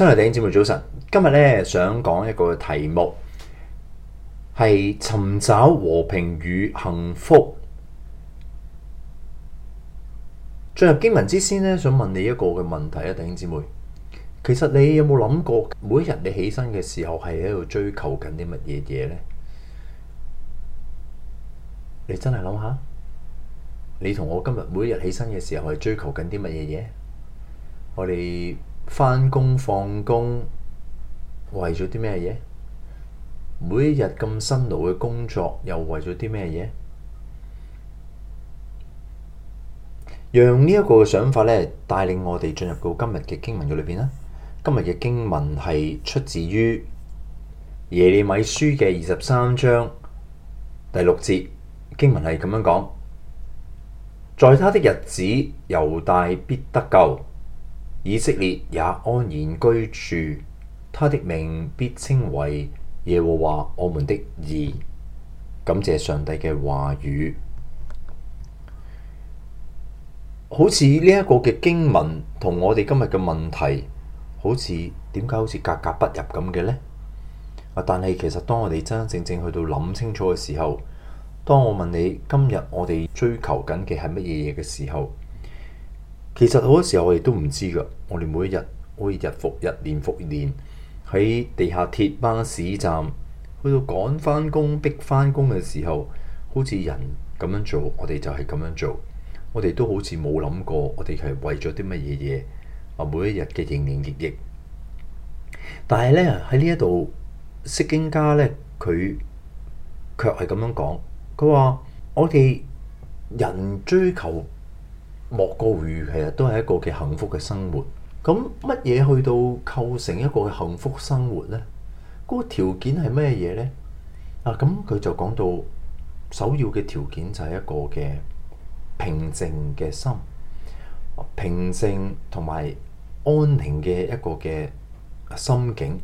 親愛的弟兄姊妹早晨，今日咧想講一個題目，係尋找和平與幸福。進入經文之先咧，想問你一個嘅問題咧，弟兄姊妹，其實你有冇諗過，每一日你起身嘅時候，係喺度追求緊啲乜嘢嘢咧？你真係諗下，你同我今日每一日起身嘅時候，係追求緊啲乜嘢嘢？我哋。翻工放工，為咗啲咩嘢？每一日咁辛勞嘅工作，又為咗啲咩嘢？讓呢一個嘅想法咧，帶領我哋進入到今日嘅經文嘅裏邊啦。今日嘅經文係出自於耶利米書嘅二十三章第六節，經文係咁樣講：在他的日子，猶大必得救。以色列也安然居住，他的名必稱為耶和華我們的義。感謝上帝嘅話語，好似呢一個嘅經文同我哋今日嘅問題，好似點解好似格格不入咁嘅呢？啊！但係其實當我哋真真正正去到諗清楚嘅時候，當我問你今日我哋追求緊嘅係乜嘢嘢嘅時候？其實好多時候我哋都唔知噶，我哋每一日可以日復日，年復年，喺地下鐵、巴士站，去到趕翻工、逼翻工嘅時候，好似人咁樣做，我哋就係咁樣做，我哋都好似冇諗過，我哋係為咗啲乜嘢嘢啊？每一日嘅營營役役，但係呢，喺呢一度釋經家呢，佢卻係咁樣講，佢話我哋人追求。莫過於其實都係一個嘅幸福嘅生活。咁乜嘢去到構成一個嘅幸福生活呢？嗰個條件係咩嘢呢？啊，咁佢就講到首要嘅條件就係一個嘅平靜嘅心，平靜同埋安寧嘅一個嘅心境。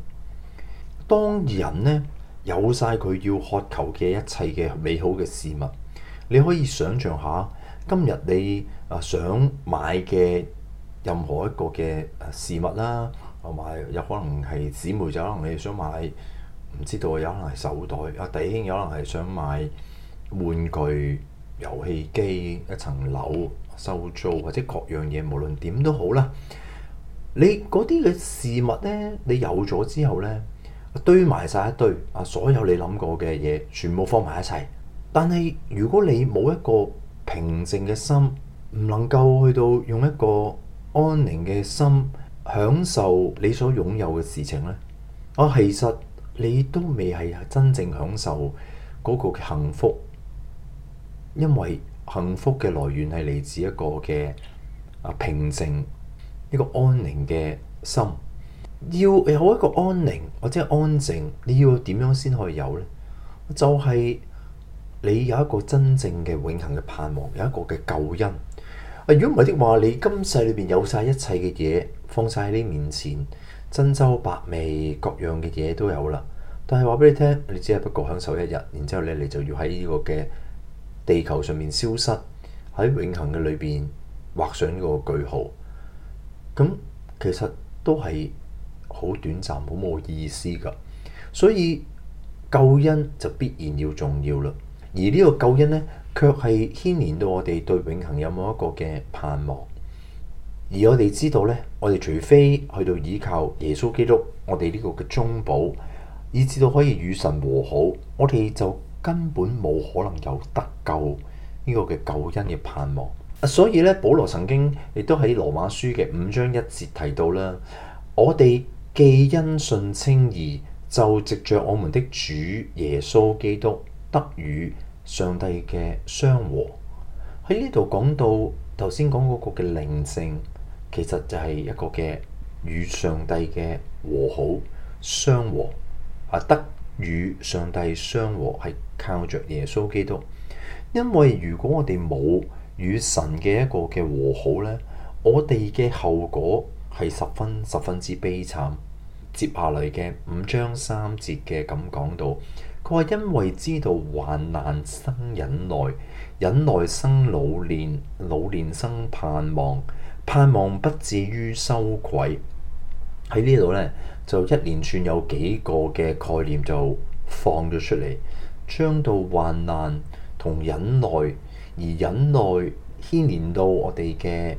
當人呢，有晒佢要渴求嘅一切嘅美好嘅事物，你可以想象下。今日你啊想買嘅任何一個嘅事物啦，同埋有可能係姊妹仔，就可能你想買唔知道啊，有可能係手袋啊。弟兄有可能係想買玩具、遊戲機、一層樓收租，或者各樣嘢，無論點都好啦。你嗰啲嘅事物咧，你有咗之後咧，堆埋晒一堆啊！所有你諗過嘅嘢，全部放埋一齊。但係如果你冇一個平靜嘅心，唔能夠去到用一個安寧嘅心享受你所擁有嘅事情呢，啊，其實你都未係真正享受嗰個幸福，因為幸福嘅來源係嚟自一個嘅平靜、一個安寧嘅心，要有一個安寧或者安靜，你要點樣先可以有呢？就係、是。你有一個真正嘅永恆嘅盼望，有一個嘅救恩。如果唔係的話，你今世裏邊有晒一切嘅嘢，放晒喺你面前，珍饈百味各樣嘅嘢都有啦。但係話俾你聽，你只係不過享受一日，然之後咧，你來來就要喺呢個嘅地球上面消失，喺永恆嘅裏邊畫上呢個句號。咁其實都係好短暫、好冇意思噶。所以救恩就必然要重要啦。而呢個救恩呢，卻係牽連到我哋對永恆有冇一個嘅盼望。而我哋知道呢，我哋除非去到依靠耶穌基督，我哋呢個嘅中保，以至到可以與神和好，我哋就根本冇可能有得救呢個嘅救恩嘅盼望。所以呢，保羅曾經亦都喺羅馬書嘅五章一節提到啦，我哋既因信稱義，就藉着我們的主耶穌基督得與。上帝嘅相和，喺呢度講到頭先講嗰個嘅靈性，其實就係一個嘅與上帝嘅和好相和啊，得與上帝相和係靠著耶穌基督。因為如果我哋冇與神嘅一個嘅和好呢，我哋嘅後果係十分十分之悲慘。接下嚟嘅五章三節嘅咁講到。佢話：因為知道患難生忍耐，忍耐生老練，老練生盼望，盼望不至於羞愧。喺呢度咧，就一連串有幾個嘅概念就放咗出嚟，將到患難同忍耐，而忍耐牽連到我哋嘅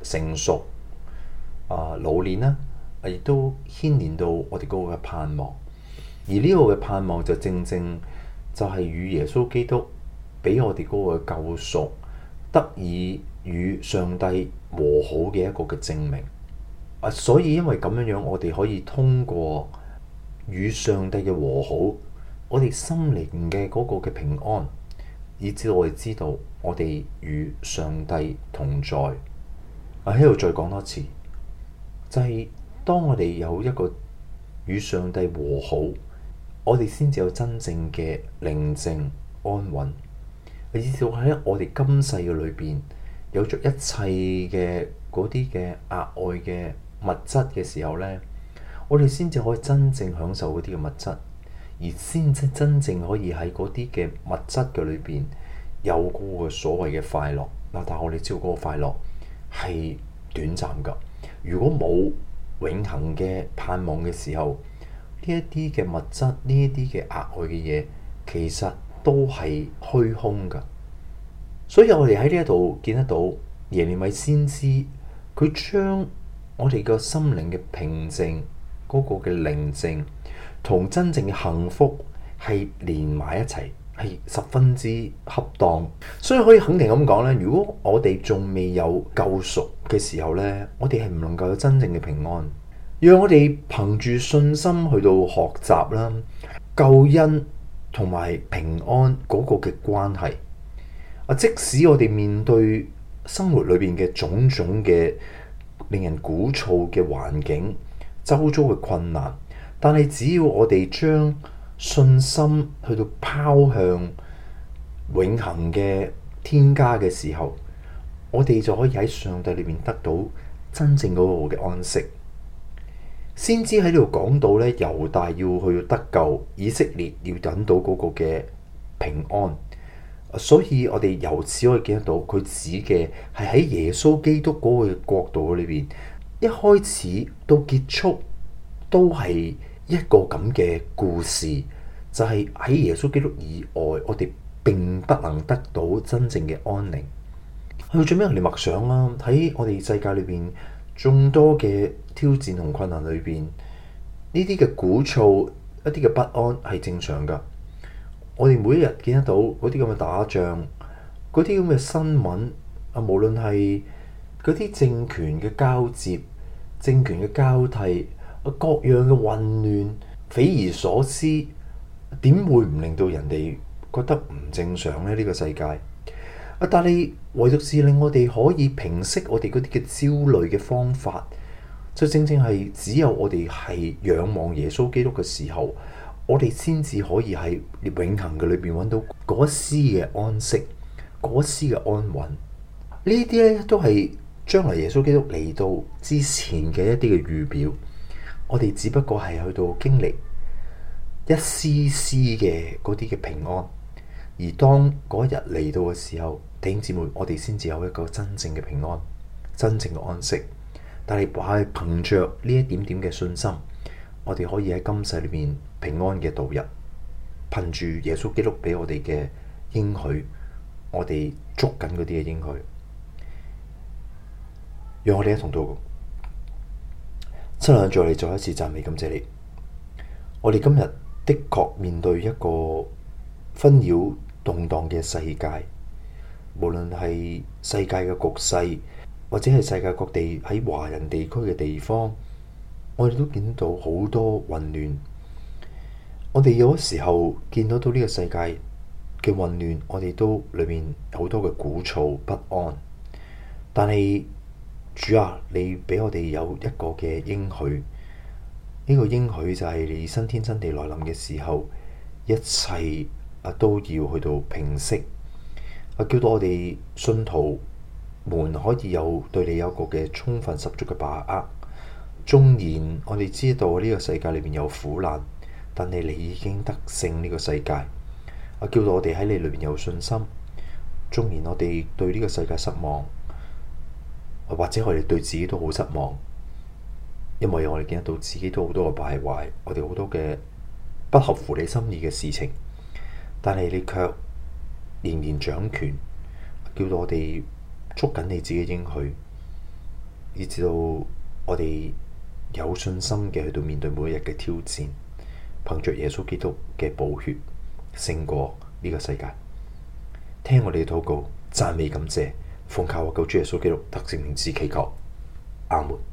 成熟，啊、呃、老練啦，亦都牽連到我哋個嘅盼望。而呢個嘅盼望就正正就係與耶穌基督俾我哋嗰個救贖，得以與上帝和好嘅一個嘅證明。所以因為咁樣樣，我哋可以通過與上帝嘅和好，我哋心靈嘅嗰個嘅平安，以至我哋知道我哋與上帝同在。啊，喺度再講多次，就係當我哋有一個與上帝和好，我哋先至有真正嘅寧靜、安穩，而至到喺我哋今世嘅裏邊，有着一切嘅嗰啲嘅額外嘅物質嘅時候咧，我哋先至可以真正享受嗰啲嘅物質，而先至真正可以喺嗰啲嘅物質嘅裏邊有嗰個所謂嘅快樂。嗱，但係我哋知道嗰個快樂係短暫㗎。如果冇永恆嘅盼望嘅時候，呢一啲嘅物質，呢一啲嘅額外嘅嘢，其實都係虛空噶。所以我哋喺呢一度見得到耶利米先知，佢將我哋個心靈嘅平靜，嗰個嘅寧靜，同真正嘅幸福係連埋一齊，係十分之恰當。所以可以肯定咁講呢：如果我哋仲未有救贖嘅時候呢，我哋係唔能夠有真正嘅平安。讓我哋憑住信心去到學習啦，救恩同埋平安嗰個嘅關係。即使我哋面對生活裏邊嘅種種嘅令人鼓噪嘅環境、周遭嘅困難，但係只要我哋將信心去到拋向永恆嘅天家嘅時候，我哋就可以喺上帝裏邊得到真正嗰個嘅安息。先知喺呢度講到咧，猶大要去得救，以色列要等到嗰個嘅平安。所以我哋由此可以見得到，佢指嘅係喺耶穌基督嗰個國度裏邊，一開始到結束都係一個咁嘅故事，就係、是、喺耶穌基督以外，我哋並不能得到真正嘅安寧。去做咩？人哋默想啦、啊，喺我哋世界裏邊。眾多嘅挑戰同困難裏邊，呢啲嘅鼓噪、一啲嘅不安係正常㗎。我哋每一日見得到嗰啲咁嘅打仗、嗰啲咁嘅新聞啊，無論係嗰啲政權嘅交接、政權嘅交替、各樣嘅混亂、匪夷所思，點會唔令到人哋覺得唔正常呢？呢個世界。但係唯獨是令我哋可以平息我哋嗰啲嘅焦慮嘅方法，就正正係只有我哋係仰望耶穌基督嘅時候，我哋先至可以喺永恆嘅裏邊搵到嗰一絲嘅安息，嗰一絲嘅安穩。呢啲咧都係將來耶穌基督嚟到之前嘅一啲嘅預表。我哋只不過係去到經歷一絲絲嘅嗰啲嘅平安，而當嗰日嚟到嘅時候。弟兄姊妹，我哋先至有一個真正嘅平安、真正嘅安息。但係，係憑着呢一點點嘅信心，我哋可以喺今世裏面平安嘅度日。憑住耶穌基督畀我哋嘅應許，我哋捉緊嗰啲嘅應許。讓我哋一同禱告，親愛嘅主，你再一次讚美，感謝你。我哋今日的確面對一個紛擾動盪嘅世界。無論係世界嘅局勢，或者係世界各地喺華人地區嘅地方，我哋都見到好多混亂。我哋有時候見到到呢個世界嘅混亂，我哋都裏面好多嘅鼓噪不安。但係主啊，你俾我哋有一個嘅應許，呢個應許就係你新天新地來臨嘅時候，一切啊都要去到平息。啊！叫到我哋信徒們可以有對你有個嘅充分十足嘅把握。縱然我哋知道呢個世界裏面有苦難，但係你已經得勝呢個世界。啊！叫到我哋喺你裏面有信心。縱然我哋對呢個世界失望，或者我哋對自己都好失望，因為我哋見得到自己都好多嘅敗壞，我哋好多嘅不合乎你心意嘅事情，但係你卻～年年掌權，叫到我哋捉緊你自己嘅應許，以至到我哋有信心嘅去到面對每一日嘅挑戰，憑着耶穌基督嘅寶血勝過呢個世界。聽我哋禱告，讚美感謝，奉靠我救主耶穌基督得勝名字祈求，阿門。